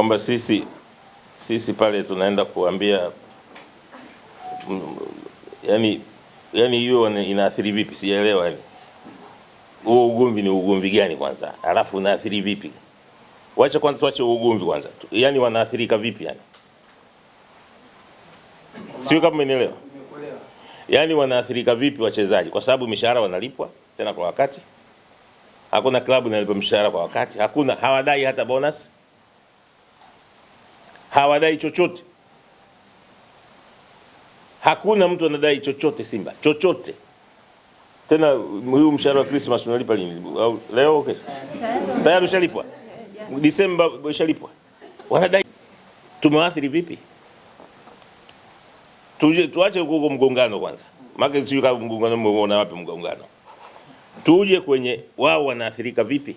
kwamba sisi sisi pale tunaenda kuambia yani yani hiyo inaathiri vipi? Sijaelewa yani huo ugomvi ni ugomvi gani kwanza, alafu unaathiri vipi? Wacha kwanza tuache ugomvi kwanza, yani wanaathirika vipi yani, sio kama umenielewa? Yani wanaathirika vipi wachezaji, kwa sababu mishahara wanalipwa tena kwa wakati, hakuna klabu inalipa mshahara kwa wakati, hakuna hawadai hata bonus hawadai chochote, hakuna mtu anadai chochote. Simba chochote tena. Huyu mshahara wa Christmas unalipa lini? Au leo? Okay, tayari ushalipwa Disemba, ushalipwa. Wanadai tumewaathiri vipi? Tuje tuache huko mgongano kwanza, maana sio kama mgongano, unaona wapi mgongano? Tuje kwenye wao wanaathirika vipi?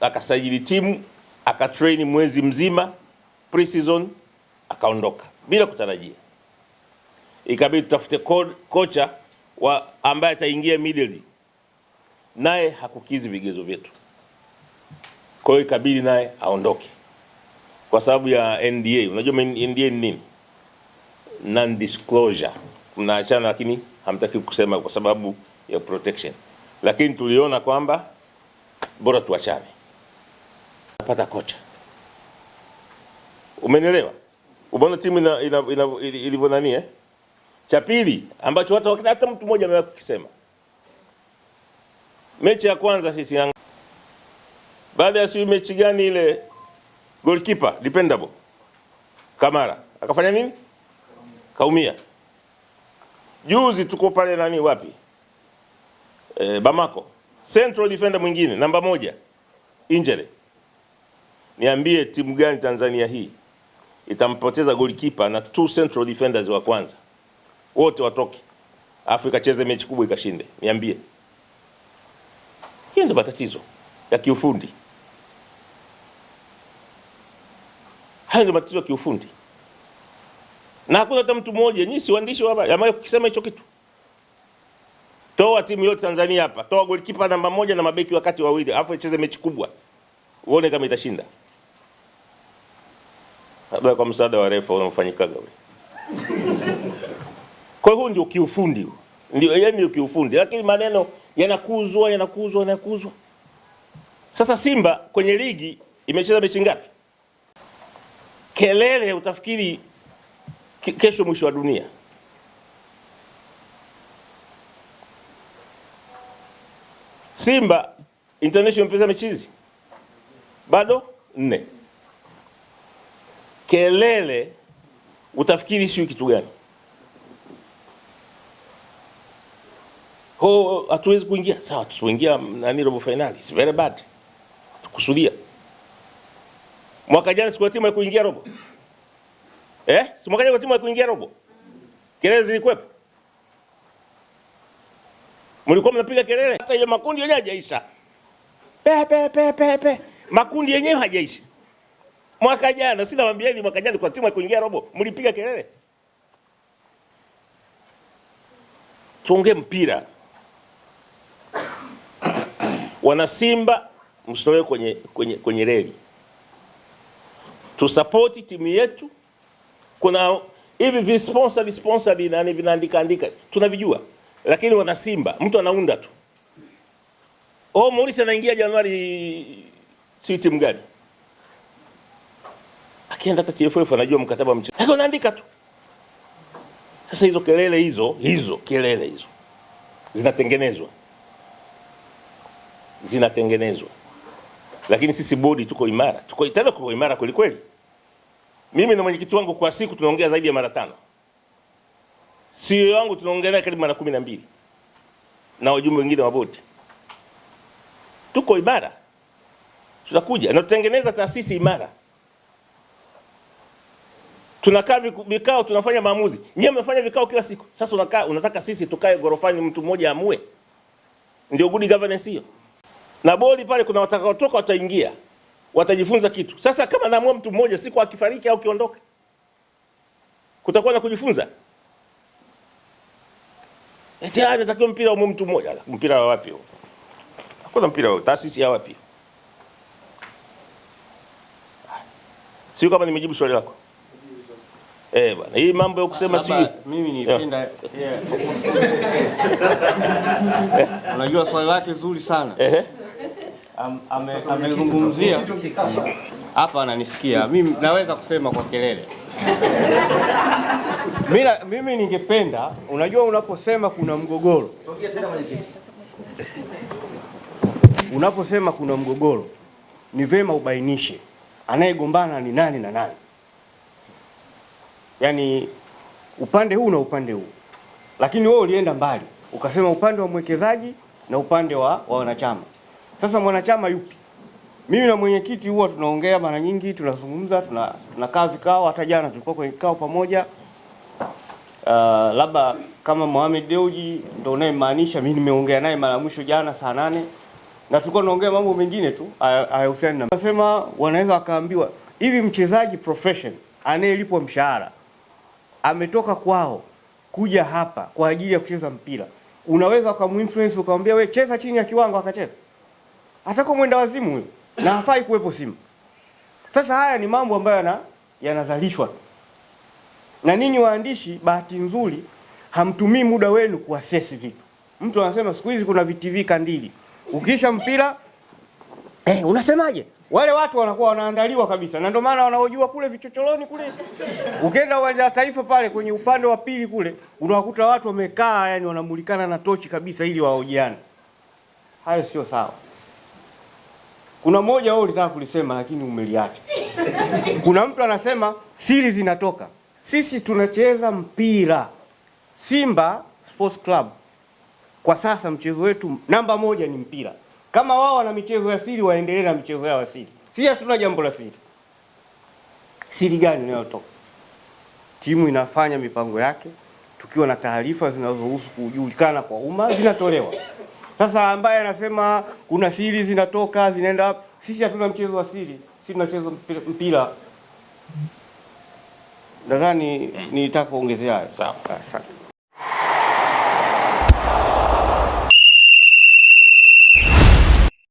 akasajili timu akatrain mwezi mzima pre-season akaondoka bila kutarajia. Ikabidi tutafute ko kocha wa ambaye ataingia middle naye hakukizi vigezo vyetu, kwa hiyo ikabidi naye aondoke kwa sababu ya NDA. Unajua NDA ni nini? Non disclosure, mnaachana lakini hamtaki kusema kwa sababu ya protection, lakini tuliona kwamba bora tuachane, napata kocha. Umenielewa? Umeona timu ina, ina, ina, ilivyo nani eh? Cha pili ambacho hata hata mtu mmoja amewahi kukisema, mechi ya kwanza sisi Yanga, baada ya sijui mechi gani ile, goalkeeper dependable Kamara akafanya nini? Kaumia. Juzi tuko pale nani, wapi? E, Bamako. Central defender mwingine namba moja Injere, niambie timu gani Tanzania hii itampoteza goalkeeper na two central defenders wa kwanza wote watoke, afu ikacheze mechi kubwa ikashinde? Niambie. Hiyo ndio matatizo ya kiufundi, hayo ndio matatizo ya kiufundi, na hakuna hata mtu mmoja, nyinyi si waandishi wa habari, hicho kitu. Toa timu yote Tanzania hapa, toa golikipa namba moja na mabeki wakati wawili, alafu icheze mechi kubwa, uone kama itashinda, labda kwa msaada wa refa unamfanyikaga kwa hiyo ndio kiufundi, ndio yani kiufundi, lakini maneno yanakuzwa yanakuzwa yanakuzwa. Sasa Simba kwenye ligi imecheza mechi ngapi? Kelele utafikiri kesho mwisho wa dunia. Simba International mpeza michizi bado nne. Kelele utafikiri sio kitu gani? Ho, hatuwezi kuingia sawa, tusipoingia nani robo finali, it's very bad. Tukusudia mwaka jana sikuwa timu ya kuingia robo eh, si mwaka jana timu ya kuingia robo, kelele zilikuwepo mlikuwa mnapiga kelele, hata ile makundi yenyewe hajaisha. Pe pe pe pe pe, makundi yenyewe hajaisha. Mwaka jana sina ni mwaka jana kwa timu haikuingia robo, mlipiga kelele. Tuongee mpira. Wana Simba kwenye kwenye kwenye reli. Tusapoti timu yetu. Kuna hivi sponsor visponsor vinani vinaandika andika, tunavijua lakini wana Simba mtu anaunda tu. Oh, Morisi anaingia Januari si timu gani? Akienda hata TFF anajua mkataba wa mchezo. Hako tu. Sasa hizo kelele hizo hizo kelele hizo zinatengenezwa zinatengenezwa, lakini sisi bodi tuko imara, tuko itaenda tuko imara kweli kweli. Mimi na mwenyekiti wangu kwa siku tunaongea zaidi ya mara tano. CEO wangu tunaongelea karibu mara kumi na mbili na wajumbe wengine wa bodi. Tuko imara, tutakuja na tutengeneza taasisi imara. Tunakaa vikao, tunafanya maamuzi. Nyie mmefanya vikao kila siku, sasa unakaa unataka sisi tukae gorofani, mtu mmoja amue? Ndio good governance hiyo? Na bodi pale kuna watakaotoka, wataingia, watajifunza kitu. Sasa kama naamua mtu mmoja, siku akifariki au kiondoka, kutakuwa na kujifunza. Eti anatakiwa mpira umu mtu mmoja. Mpira wa wapi huo? Hakuna mpira wa taasisi ya wapi? Sio kama nimejibu swali lako. Eh, bwana, hii mambo ya kusema si mimi nipenda. Eh. Unajua swali lake zuri sana. Ehe. Amezungumzia hapa ananisikia mimi, naweza kusema kwa kelele mimi ningependa, unajua, unaposema kuna mgogoro, unaposema kuna mgogoro ni vema ubainishe anayegombana ni nani na nani, yaani upande huu na upande huu. Lakini wewe ulienda mbali ukasema upande wa mwekezaji na upande wa, wa wanachama. Sasa mwanachama yupi? Mimi na mwenyekiti huwa tunaongea mara nyingi, tunazungumza, tunakaa vikao. Hata jana tulikuwa kwenye kikao pamoja. Uh, labda kama Mohamed Deuji ndio unayemaanisha, mimi nimeongea naye mara mwisho jana saa nane na tulikuwa tunaongea mambo mengine tu hayahusiani na. Nasema wanaweza wakaambiwa hivi, mchezaji profession anayelipwa mshahara ametoka kwao kuja hapa kwa ajili ya kucheza mpira, unaweza ukamuinfluence ukamwambia, we cheza chini ya kiwango, akacheza, atakuwa mwenda wazimu huyo na hafai kuwepo Simba. Sasa haya ni mambo ambayo yanazalishwa na ninyi waandishi. Bahati nzuri hamtumii muda wenu kuasesi vitu. Mtu anasema siku hizi kuna VTV kandili, ukiisha mpira eh, unasemaje? Wale watu wanakuwa wanaandaliwa kabisa, na ndio maana wanaojua kule vichochoroni kule. Ukienda uwanja wa Taifa pale kwenye upande wa pili kule, unawakuta watu wamekaa, yani wanamulikana na tochi kabisa, ili waojiane. Hayo sio sawa. Kuna moja wewe ulitaka kulisema lakini umeliacha. Kuna mtu anasema siri zinatoka. Sisi tunacheza mpira Simba Sports Club. Kwa sasa mchezo wetu namba moja ni mpira. Kama wao wana michezo ya siri, waendelee na michezo yao ya siri. Sisi hatuna jambo la siri. Siri gani inayotoka? Timu inafanya mipango yake, tukiwa na taarifa zinazohusu kujulikana kwa umma zinatolewa. Sasa ambaye anasema kuna siri zinatoka zinaenda, sisi hatuna mchezo wa siri, sisi tunacheza mpira. Nadhani mm. nitaka kuongezea hayo. Sawa. Asante.